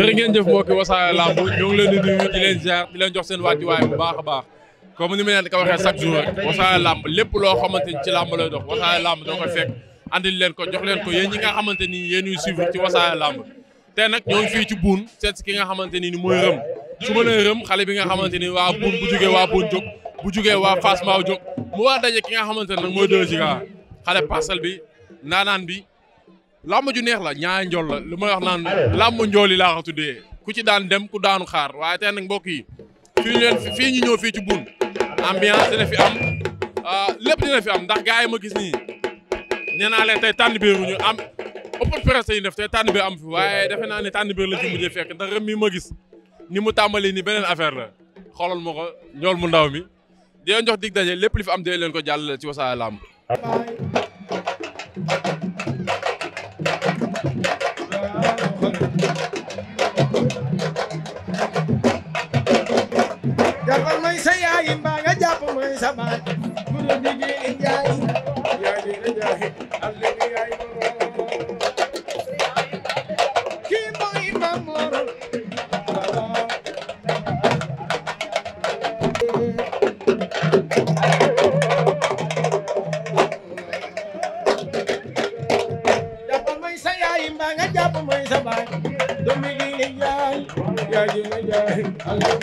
jërë ngeen jëf mbokki wasaare làmb ñu ngi leen di nuyu di leen ziar di leen jox seen wàccuwaay bu baax a baax comme ni ma leen di ko chaque jour rek wasaare lépp loo xamante ni ci làmb lay dox wasaare làmb doo koy fekk andil leen ko jox leen ko yéen ñi nga xamante ni yéen ñuy suivre ci wasaare làmb te nag ñoo ngi ci buun seet ki nga xamante ni mooy rëm su ma rëm xale bi nga xamante ni waa buun bu jugee waa buun jóg bu jugee waa Fass Mbao jóg mu waa daje ki nga xamante ne nag mooy deux Giga xale parcelle bi ndaanaan bi làmb ju neex la ñaari njool la lu may wax naan làmb njool i laa ko tuddee ku ci daan dem ku daanu xaar waaye tey nag mbokk yi fii ñu leen fii ñu ñëw fii ci buun fi am ah, lépp dina fi am ndax gars yi ma gis nii nee naa leen tey tànn biir ñu am open press yi def tey tànn biir am fi waaye defe naa ne tànn biir la ci mujjee ndax rem mi ma gis ni mu tàmbalee ni beneen affaire la xoolal ma ko ñool mu ndaw mi di leen jox dig daje lépp li fi am dee leen ko jàllale ci Wassare Lamb سماك مردي جاي يا لي جاي اللي جاي كي موي مامور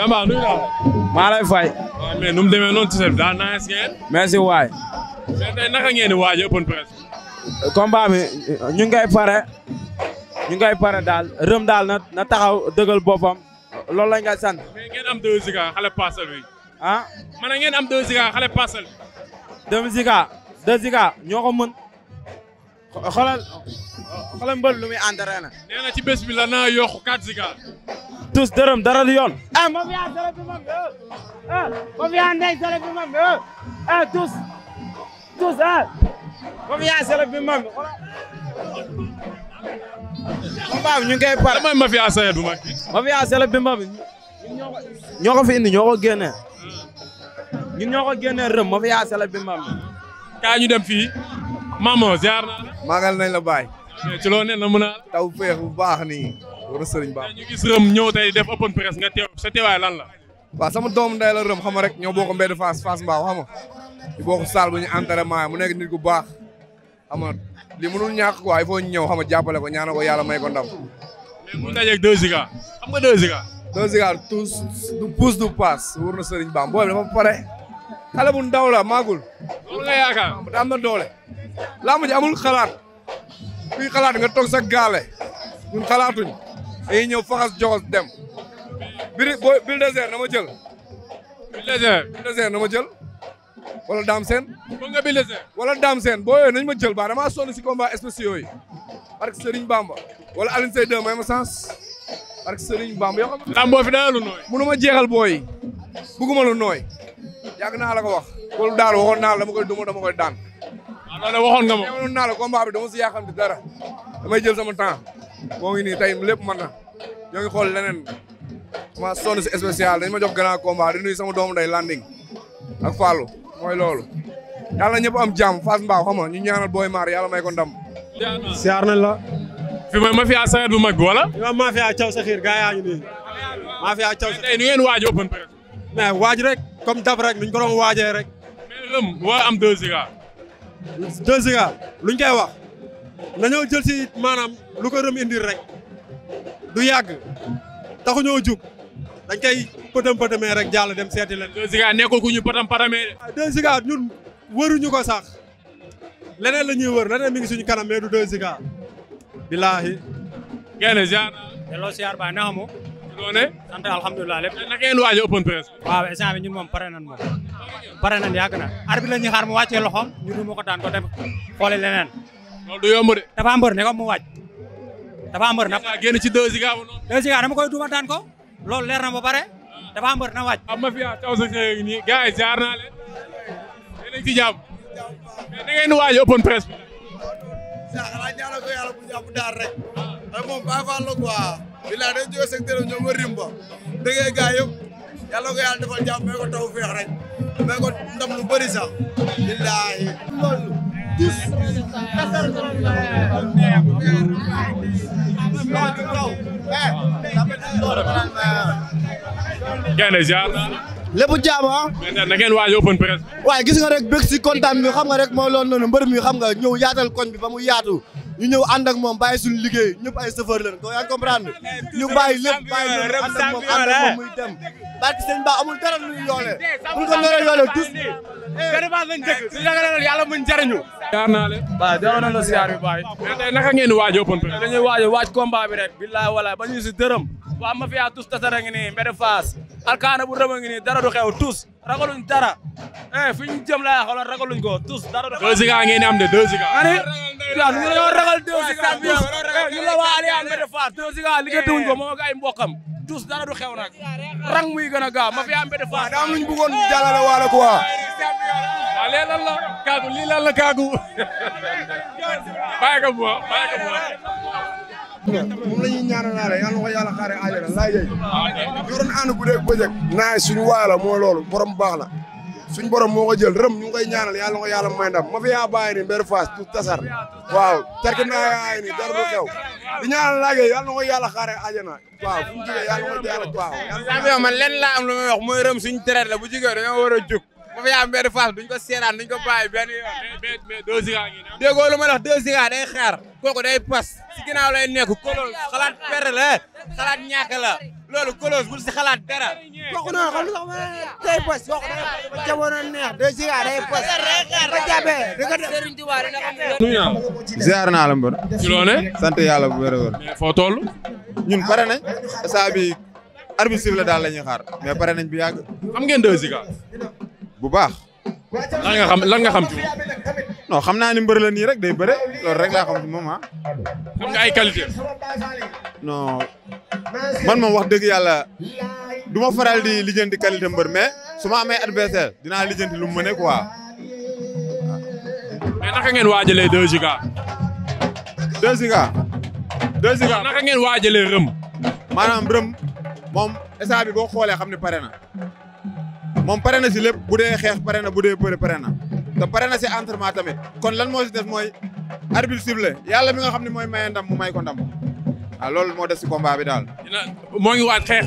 Ama nuyu naa maa lay fay mais nu mu demee noonu ci sa daa nice ngeen. merci waay. mais tey naka ngeen di waaj open press. combat bi ñu pare ñu pare daal rëm daal na na taxaw dëgal boppam loolu lañ koy sant. mais am 2 Giga xale parcelle bi. ah. ma ne ngeen am 2 Giga xale parcelle bi. 2 Giga 2 Giga ñoo ko mën. xoolal xoolal mbër lu muy entraîné. nee na ci bés bi la naa yokk dërëm dara du yoon. ah ma fi yaa dara du mag ah ma fi yaa ndey dara du mag ah eh. eh, tous tous fi eh. yaa dara du mag. Mbaam ñu ngi koy fi yaa sayet bu mag. ma i yaa sayet bu mag ñoo ko fi indi rëm ma fi yaa sayet bu mag. kaa ñu dem fii. Mamo ziar maagal nañ la baay. Eh, ci loo ne na mën a. taw feex bu baax nii. war sëriñ baax ñu gis rëm ñëw tey def open press nga lan la. waaw sama doom nday la rëm xam nga rek ñoo bokk mbedd Fass Fass Mbao xam nga. ñu bokk saal bu ñu entraînement mu nekk nit ku baax. xam nga li mënul ñàkk quoi il faut ñu ñëw xam nga jàppale ko ñaanal ko yàlla may ko ndam. mais mu dajeeg 2 xam nga 2 Giga. 2 Giga tous du pousse du passe war na sëriñ baax booy dafa pare. xale bu ndaw la maagul. loolu nga yaakaar am doole làmb ji amul xalaat kuy xalaat nga toog sa gaale ñun xalaatuñ dañuy ñëw faxas joxos dem biri bulldozer na ma jël bulldozer bulldozer na ma jël wala daam seen bëgg seen boo yooyu nañ ma jël baa ma sonn si combat spéciaux yi parce que Serigne Bamba wala Alioune Seye 2 may ma sens parce que Serigne yoo xam fi dara lu nooy mënu ma jeexal booy bëgguma lu nooy yàgg naa la ko wax loolu daal waxoon naa la dama koy duma dama koy daan loolu waxoon nga ma. teewloon naa la combat bi dama si jël sama temps moo ngi nii tey lépp mën na ñoo ngi xool leneen ma sonn si spécial dañ ma jox grand combat di nuyu sama doomu day landing ak Fallou mooy loolu. yàlla ñëpp am jàmm Fass Mbao xam nga ñu ñaanal Boy Maar yàlla may ko ndam. siyaar nañ la. fi mooy mafia sareet bu mag bi wala. fi mooy mafia caw sa xiir gaa yaa ngi nii. mafia caw sa tey nu waaj open press. waaj rek comme dab rek ni ñu ko waajee rek. am deux Deux Giga luñ koy wax nañoo jël si maanaam lu ko rëm indir rek du yàgg taxuñoo jug dañ koy pëtam pëtamee rek jàll dem seeti leen. Deux Giga nekkul ku ñu pëtam pëtamee de. Ah, ñun wëruñu ko sax leneen la ñuy wër leneen mi ngi suñu kanam mais du Deux Giga. bilaahi. kenn ziar. delloo ziar baa na xamu. doone sant alhamdulilah lépp. naka ngeen waaj open press. waaw instant bi ñun moom pare nan ma pare na arbitre la ñuy xaar mu wàccee loxoom ñu du ma ko daan ko dem xooli leneen. loolu du yomb de. dafa mbër ne ko mu wàcc dafa mbër na. génn ci deux Ziga noonu. deux Ziga dama koy duma daan ko loolu leer na ba pare dafa na wàcc. am ma fi taw ah, sa sëñ nii gars yi jaar naa leen a ngi ci jàmm da ngeen waaj open yàlla ko yàlla defal jàmm may ko taw feex rek may ko ndam bëri sax billaahi loolu dix gaynde ziar lépp ah. waaye gis nga rek bëgg si kontaan bi xam nga rek moo loolu noonu mbër mi xam nga ñëw yaatal koñ bi ba mu yaatu ñu ñëw ànd ak moom bàyyi suñu liggéey ñëpp ay chauffeur lañ ko yaa ngi comprendre ñu bàyyi lépp bàyyi lépp ànd moom ànd moom muy dem barke sëñ Ba amul dara lu ñu yoolee bu ñu ko naree yoolee tous. gërëmaat lañ dëkk su ñu jaar naa leen waaw daaw na la siyaar bi baay mais tey naka ngeen waaj open press dañuy waaj waaj combat bi rek billahi walaay ba ñu si dërëm waa mafia tous tasara ngi nii mbedd faas alkaana bu rëma ngi nii dara du xew tous ragaluñ dara eh fi ñu jëm laa xoolal ragaluñ ko tous dara du xew deux ziga ngeen am de deux ziga ani yaa ragal deux ziga eh, ñu la waa aliya moo ak ay mbokkam dara du xew nag rang muy gën a gaaw mafia mbedd faas da am luñ bëggoon jàllale waaw lee lan la kaagu lii lan la kaagu bàyyi ko bu ma bàyyi ko bu la ñuy ñaanalaale yàlla na ko yàlla xaaree àjjana laay yëy yoroon ànd guddeeg bëccëg naay suñu la mooy loolu borom baax la suñu borom moo ko jël rëm ñu koy ñaanal yàlla na ko yàlla may ndam ma fi yaa bàyyi ni tu tasar waaw terk naa yaay ni dara du xew di ñaanal laaj yooyu yàlla na waaw fu mu jógee yàlla na ko waaw man lenn laa am lu may wax mooy rëm suñu traite la bu jógee dañoo bu yaa am benn phase duñ ko seetaan duñ ko bàyyi benn yoon. mais mais deux Giga ngi ne. déggoo lu ma wax deux Giga day xaar. kooku day pas si ginnaaw la xalaat ñàkk la loolu Colos bul si xalaat dara. kooku noonu xam nga day pas kooku day pas jamono neex deux Giga day pas. ba jàppee di ko def. naa la. ziar naa la mbër. ci loone. sant yàlla bu wér a wér. mais foo toll. ñun pare nañ saa bi arbitre la daal la ñuy xaar pare nañ bu yàgg. xam ngeen deux Giga. bu baax. lan nga xam lan nga xam ci xam naa ni mbër la nii rek day bëre loolu rek laa xam ci moom ah. xam nga ay qualité. non man moom wax dëgg yàlla du ma faral di di qualité mbër mais su ma amee adversaire dinaa lijjanti lu mu mëne quoi. mais naka ngeen waajalee 2 Giga. 2 Giga. 2 naka ngeen waajalee rëm. maanaam rëm moom état bi boo xoolee xam ne pare na. moom pare na si lépp bu dee xeex pare na bu dee bëri pare na te pare na si entraînement tamit kon lan moo si des mooy arbitre ciblé yàlla mi nga xam ne mooy ma ndam mu may ko ndam waaw ah, loolu moo des si combat bi daal. dina moo ngi waat xeex.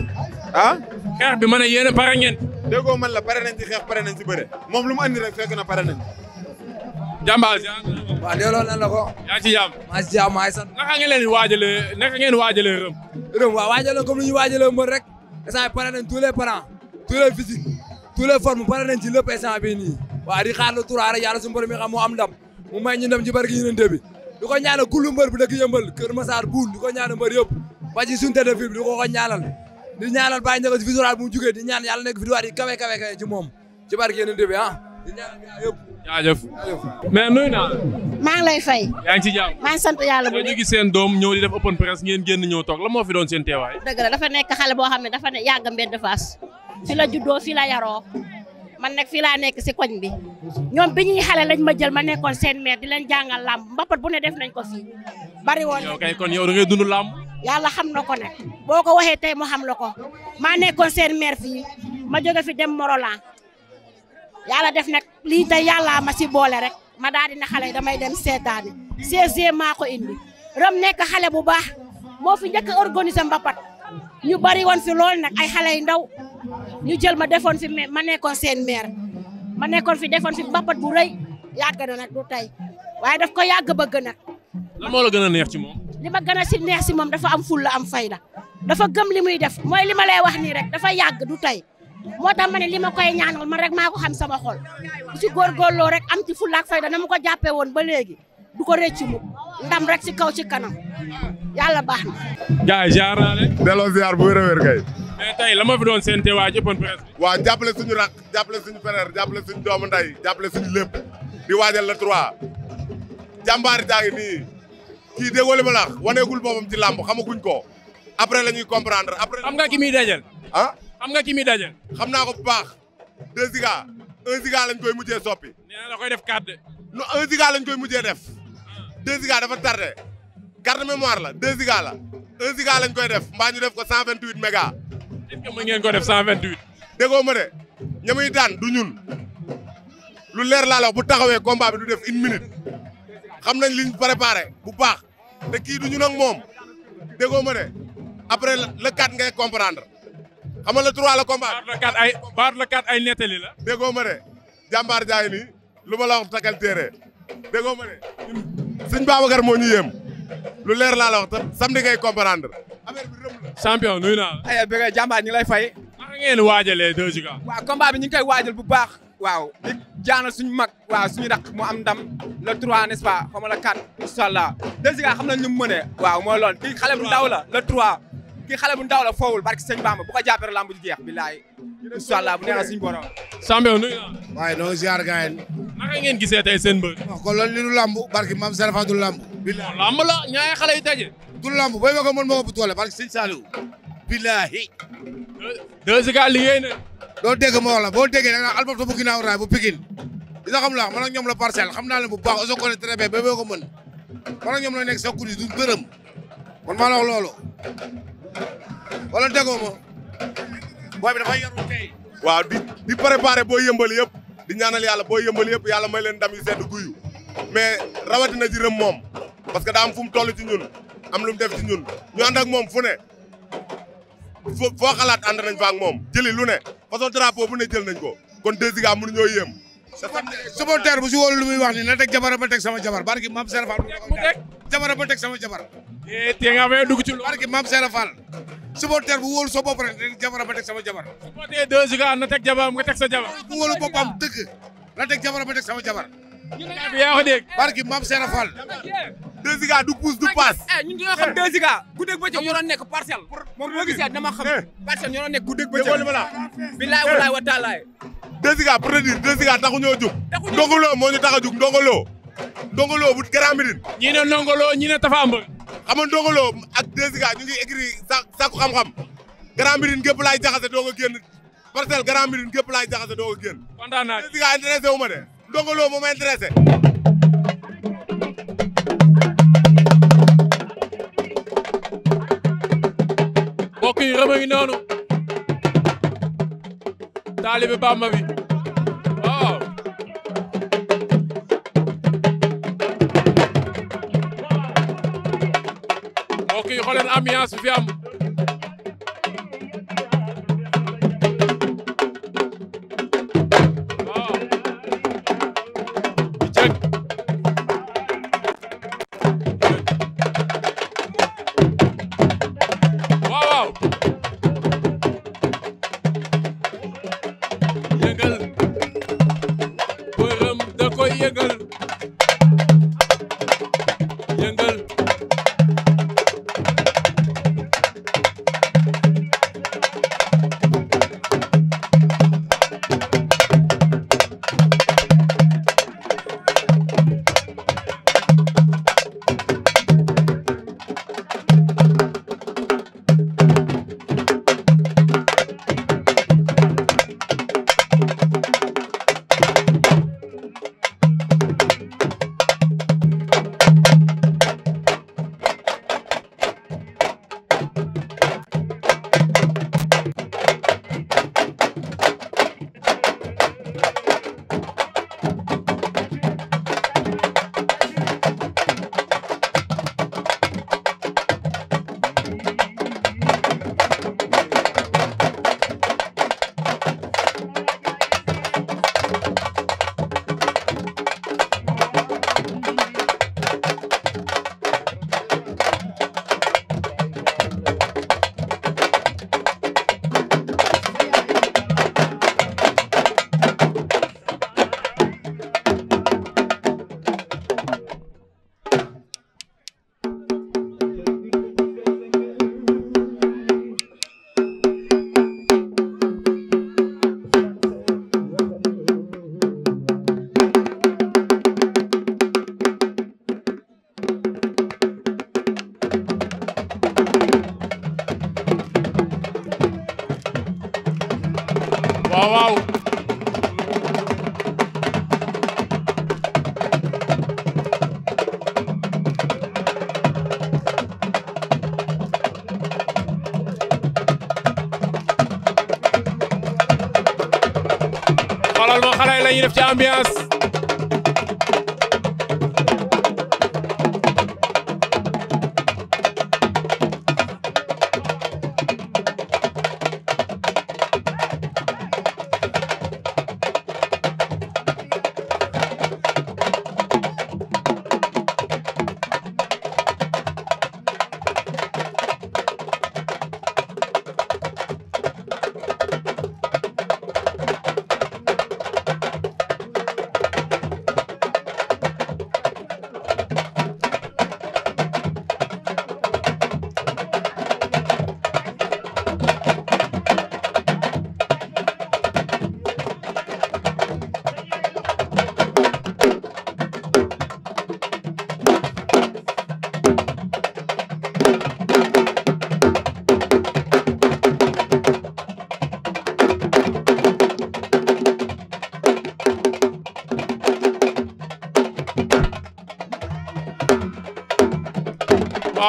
ah. xeex bi ma ne yéen a pare ngeen. déggoo man la pare nañ si xeex pare nañ si bëre moom lu mu andi rek fekk na pare nañ. jàmbaar si waaw delloo nan la ko. yaa ngi ci jàmm. maa ci jàmm maa ngi sant. naka ngeen waajalee na ngeen waajalee rëm. rëm waaw waajalee ñu waajalee mbër rek. instant yii pare nañ tous les parents tous les tous les formes pare nañ ci lépp instant bii nii waaw di xaar le tour rek yàlla suñu borom mi xam moo am ndam mu may ñu ci barki yénante bi di ko ñaanal kullu mbër bu dëkk yëmbal Kër Massar Boune di ko ñaanal mbër yëpp ba ci suñu tëdd di ko ko ñaanal di ñaanal bàyyi njëkk si visual mu jugee di ñaan yàlla nekk vidéo yi kawe kawe kawe ci moom ci barki yénante bi ah jaajëf mais nuyu naa maa ngi lay fay yaa ngi ci jàmm maa ngi sant yàlla bu ñu gis seen doom ñëw di def open press ngeen génn ñëw toog la doon seen teewaay dafa nekk xale boo xam ne dafa ne yàgg mbedd faas fi la juddoo fi yaroo man nag fii laa nekk si koñ bi ñoom bi ñuy xale lañ ma jël ma nekkoon seen maire di leen jàngal làmb mbapat bu ne def nañ ko fii bari woon yow kay kon yow da ngay dund làmb yàlla xam na ko nag boo ko waxee tey mu xam la ko maa nekkoon seen maire fii ma jóge fi dem yàlla def nag lii tey yàllaa ma si boole rek ma daal di ne xale damay dem seetaani CG maa indi Reum nekk xale bu baax moo fi njëkk a organiser mbapat ñu bari woon fi lool nag ay xale yu ndaw ñu jël ma defoon fi ma nekkoon seen maire ma nekkoon fi defoon fi mbapat bu rëy yàgg na nag du tey waaye daf ko yàgg bëgg nag. gën a neex ci moom. li ma gën a si neex si moom dafa am fulla am fayda dafa gëm li muy def mooy li ma lay wax nii rek dafa yàgg du tey. moo tax ma ne li ma koy maa ko xam sama xol bu ci góorgóorloo rek am ci fulla ak fayda na mu ko jàppee woon ba léegi du ko rëcc mu ndam rek ci kaw ci kanam yàlla baax na. jaay ziar naa leen. delloo ziar bu wér kay. mais tey la ma fi doon seen teewaay open presse. waaw jàppale suñu rakk jàppale suñu frère jàppale suñu doomu nday jàppale suñu lépp di waajal la trois jàmbaari daa ngi nii kii déggoo li ma la wax waneegul boppam ci làmb xamaguñ ko après la ñuy comprendre après. xam nga ki muy dajal ah? xam nga ki muy daje. xam naa ko bu baax. 2 Giga 1 la lañ koy mujjee soppi. nee na da koy def 4 de. non 1 Giga lañ koy mujjee def. 2 ah. Giga dafa tardé. carte mémoire la 2 Giga la. 1 Giga lañ koy def mbaa ñu def ko 128 méga. est ce que mën ngeen ko def 128. déggoo ma de ña muy daan du ñun. lu leer laa la bu taxawee combat bi du def une minute. xam nañ liñ préparé bu baax. te kii du ñun ak moom. déggoo ma de après le 4 ngay comprendre. amal na trois la combat. baar la quatre ay nettali la. déggoo ma de jàmbaar jaay nii lu ma la wax takkal téere déggoo ma de sëñ Babacar ñu yéem lu leer la la wax tam samedi ngay comprendre. affaire bi rëb la. champion nuyu naa la. ay lay fay. maa ngeen waajalee deux Giga. waaw combat bi ñu ngi waajal bu baax. waaw di jaana suñu mag waaw suñu rakk mu am ndam le 3 n'est-ce pas xaw ma la 4 incha allah deux Giga xam nañ ñu mu waaw mooy loolu di xale bu ndaw la le kii xale bu ndaw la foowul barki sëñ Bamba bu ko jàppee rek lamb ji jeex billaay incha allah bu neexee waaye noonu ziar gaa naka ngeen gisee tey seen mbër. waaw kon loolu li du lamb barki maam Serapha du lamb. billaay lamb la ñaari xale yu daje. du lamb booy ma ko mën moo ko bu toole barki sëñ Saliou. billahi. deux Ziga liggéey doo dégg ma la boo déggee da nga naan Alberto bu ginnaaw raay bu Pikine. dina xam la man ak ñoom la parcelle xam naa leen bu baax osé connaît wala déggoo ma boo bi dafay yaru tey. waaw di di préparé boo yëmbal yëpp di ñaanal yàlla boo yëmbal yëpp yàlla may leen ndam yu sedd guyu mais rawatina ji rëm moom parce que daa am fu mu toll ci ñun am lu mu def ci ñun ñu ànd ak moom fu ne foo xalaat ànd nañ fa ak moom jëli lu ne façon drapeau bu ne jël nañ ko kon deux Giga mënu ñoo yéem supporter bu si wóolu lu muy wax ni na teg jabar ba teg sama jabar barki maam Serap Fall. mu teg jabar ba teg sama jabar. Eh, te nga amee dugg ci lu. barki maam Serap Fall. supporter bu wóolu sa bopp rek sama jabar. supporter deux jours na teg jabaram nga teg bu wóolu sama jabar. 2 Giga du pousse du passe. Eh, ñun dañoo xam 2 eh. Giga. guddeeg bëccëg ñoo doon nekk parcelle. moom boo gisee dama xam. Eh. parcelle ñoo doon nekk guddeeg bëccëg. déggoo la bilaay walaay wa taalaay. 2 Giga pour te ndongoloo moo ñu tax a jug ndongoloo. ndongoloo bu Grand Médine. ñii ne ndongoloo ñii ndongoloo ak 2 Giga ñu ngi écrit sa sakku xam-xam. Grand Médine gépp laay jaxase doo ko génn parcelle Grand Médine gépp laay jaxase doo ko génn. de ndongoloo moo ma dërëm a ngi noonu taalibe Bàmba bi waaw mbokk yi xooleen ambiance bi fi am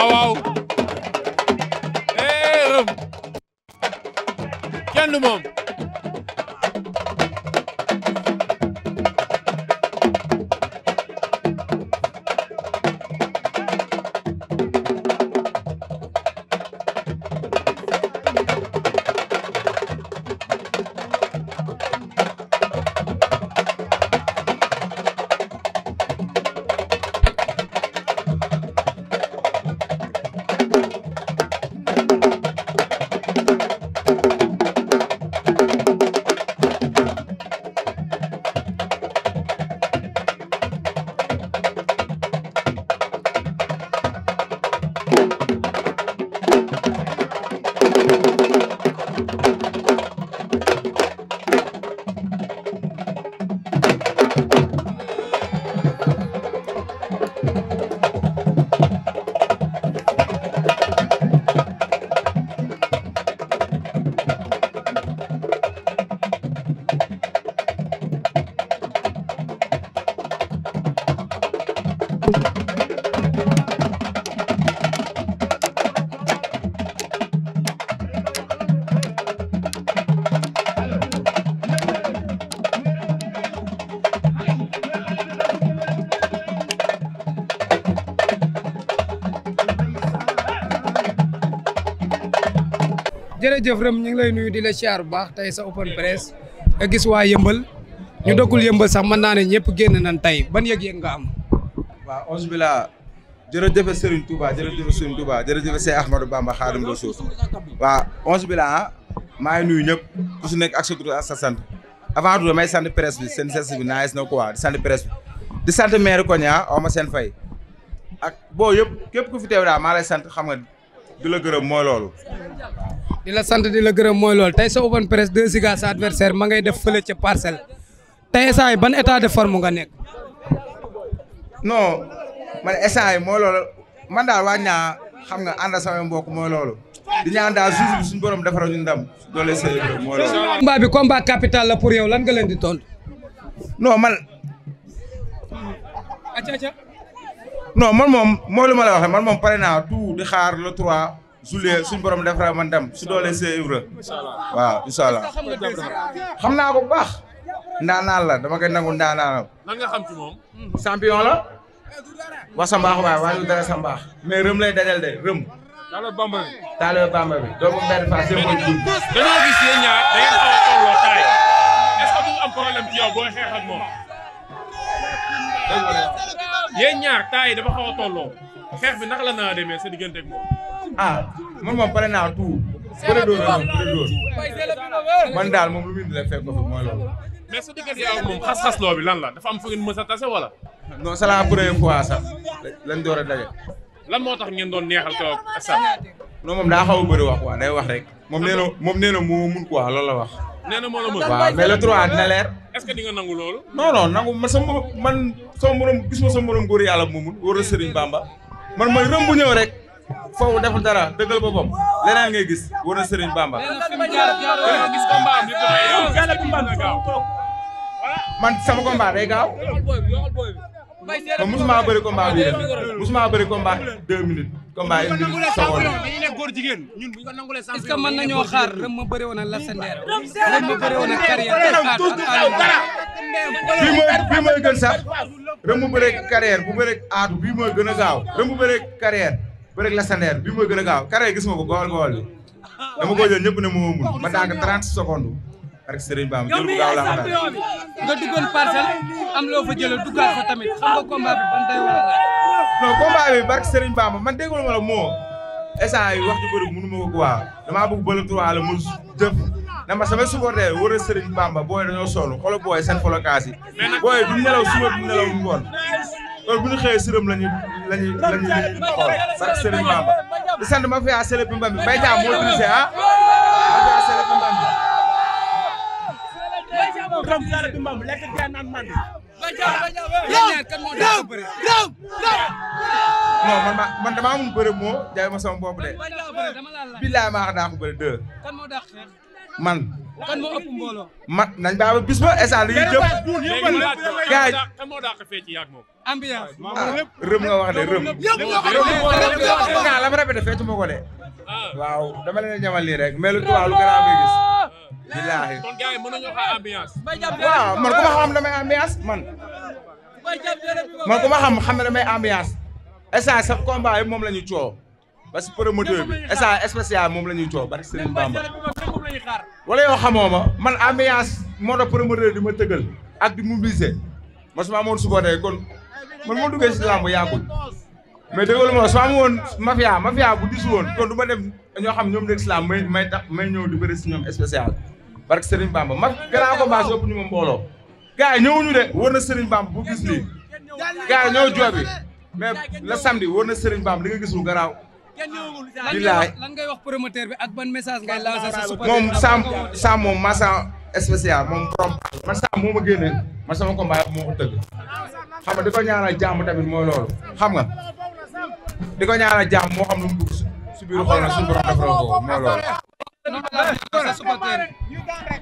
waaw thank you jërëjëf Rëm ñu ngi lay nuyu di la siyaar bu baax tey sa open press nga gis waa yëmbal ñu dëkkul yëmbal sax mën naa ne ñëpp génn nañ tey ban yëg-yëg nga am waaw onze bila jërëjëf Serigne Touba jërëjëf Serigne Touba jërëjëf Seex Ahmadou Bamba Xaadimu Rasuul waaw onze bila maa ngi nuyu ñëpp ku si nekk ak sa tur ak sa sant avant tout damay sant presse bi seen service bi naagis na quoi di sant presse bi di sant maire Konia aw ma seen fay ak boo yëpp képp ku fi teew daal maa lay sant xam nga di la gërëm mooy loolu di la sant di la gërëm mooy loolu tey sa open press deux Giga sa adversaire ma ngay def fële ca parcelle tey instant yi ban état de forme nga nekk. non man instant yi mooy man daal waaj xam nga ànd sama mbokk mooy loolu. di ñaan daal suuf bi suñu borom defaral ñu ndam doole say mooy loolu. combat bi combat capital la pour yow lan nga leen di tontu. non man. acca acca. non man moom mooy ma la waxee man moom pare naa tout di xaar le su lee suñ borom defara man dem su doolee see Ibra waaw incha allah naa ko bu baax ndaanaan la dama koy nangu ndaanaan la nan nga xam ci moom champion la wax sa mbaax waaye waaye du dara sa mbaax mais rëm lay dajal de rëm taalibe bamba bi taalibe bamba bi doomu benn faa seen mooy jub dañoo gis yéen ñaar da ngeen xaw a tolloo taay est-ce que du am bi naka la naa demee sa diggante ak moom ah man moom pare naa tout. bële dóor la moom man daal moom lu muy indil fekk ko fi mooy loolu. mais su diggante yow moom xas-xas loo bi lan la dafa am fu ngeen mës a tase wala. non c'est la première fois sax lañ door daje. lan moo tax ngeen doon neexal kaw ak sax. non moom daa xaw a bëri wax quoi day wax rek. moom nee na moom nee na moo mun quoi loolu la wax. nee na moo la mën waaw le trois dina leer. est-ce nga nangu loolu. non non nangu man sama man sama morom gis ma sama morom góor yàlla moomu wóor na Serigne Bamba man mooy rëm bu rek. foofu deful dara dëggal boppam leneen nga gis war na Serigne Bamba. man sama combat day gaaw. ba musuma bëri combat bi musuma bëri combat deux minutes. combat une minute seconde. dañuy nekk góor jigéen ñun bu ñu ko nangulee est-ce que mën nañoo xaar rëm ma bëri woon ak Lassander rëm ma bëri woon ak carrière bii mooy gën sax rëm mu bëri carrière bu bëri aatu bii mooy gën a gaaw rëm mu bëri bëri la sandeer bi mooy gën a gaaw kare gis nga ko gowal gowal bi dama ko jël ñëpp ne moo mun ma daanaka 30 secondes parce que Serigne Bamba jël bu gaaw laa xam nga duggoon parcelle am loo fa jëlee duggaat tamit xam nga combat bi ban day wala non combat bi man déggul ma la moo essant yi wax ju bëri mënu ma ko quoi damaa bëgg bële trois la mu na ma samay supporter wër a Serigne Bamba booy dañoo sonn xoolal booy seen folokaas yi booy du nelaw suba du nelaw ngoon loolu bu ñu xëyee sërëm lañu lañu lañu xool sax sant ma fiyaa sele bi mbambi bay jaam moo dirigé ah ma fiyaa sele bi mbambi ram sele bi mbambi lekk gaa naan mandi non man ma man damaa mun bëri moo ma sama bopp de billaay maa ko daa ko man. kan moo ëpp mbooloo. man nañ ba bis ba instant li ñuy jëm. gars yi. ambiance. rëm nga wax de rëm. la ma répété fecc ma ko de. Ah. waaw dama leen ñamal lii rek mais lu tubaab lu gën a amee gis. Ah. billaahi. man ku ma xam damay ambiance man. man ku ma xam xam ne damay ambiance. instant sa combat yi moom la ñu coow. parce que promoteur bi instant moom la ñuy coow barke Bamba wala yoo xamoo man ambiance moo tax promoteur di ma tëggal ak di mobiliser man su ma amoon supporter kon man moo duggee si làmb yàggul mais dëggal ma su ma amoon mafia mafia bu disu woon kon du ma dem ñoo xam ñoom nekk si làmb may may tax may ñëw di bëri si ñoom spécial barke Serigne Bamba ma grand combat soo ñu ma mbooloo gars yi ñëwuñu de war na Serigne Bamba bu gis nii gars yi ñoo joobi mais nga gis lu garaaw bilaay lan ngay wax promoteur bi ak ban message ngay lancer. moom Sam Sam moom Massa spécial moom borom. man Sam moo ma génne man sama combat moo ko tëgg di ko ñaanal jàmm tamit mooy loolu xam nga di ko ñaanal jàmm moo xam lu mu dugg si biir xol na suñu borom defaral ko mooy loolu.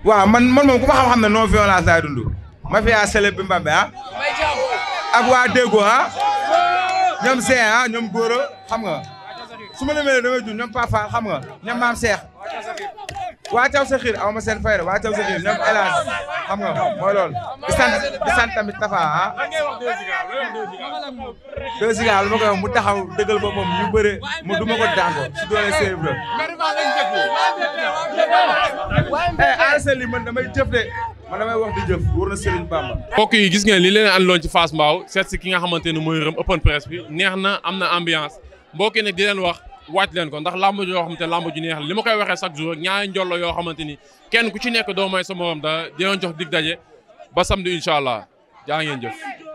waaw man moom ku ma xam-xam ne non violence laay dund ma fi yaa Sélé bi Mbambe ah waa Déggo ah ñoom Seye ah ñoom Gora xam nga. su ma lemee damay jun ñoom Papa xam nga ñoom maam Cheikh waa Thiaw Sakhir aw ma seen fay la waa Thiaw sa ñoom El Hadj xam nga mooy loolu tamit Tafa ah. deux Ziga lu mu taxaw dëggal boppam mu bëre mu du ma ko daan ko su doole séeréer la. eh ASL yi man damay jëf de man damay wax di jëf wóor na Serigne Bamba. mbokk yi gis ngeen li leen àndoon ci Fass Mbao seet si ki nga xamante ne mooy Reum open press bi neex na am na ambiance mbokk yi nag di leen wax. wàcc leen ko ndax làmb joo xamante ne làmb ju neex li ma koy waxee chaque jour ñaari njollo yoo xamante ni kenn ku ci nekk doo may sa morom da dinañ jox dig daje ba samedi incha allah jaa ngeen jëf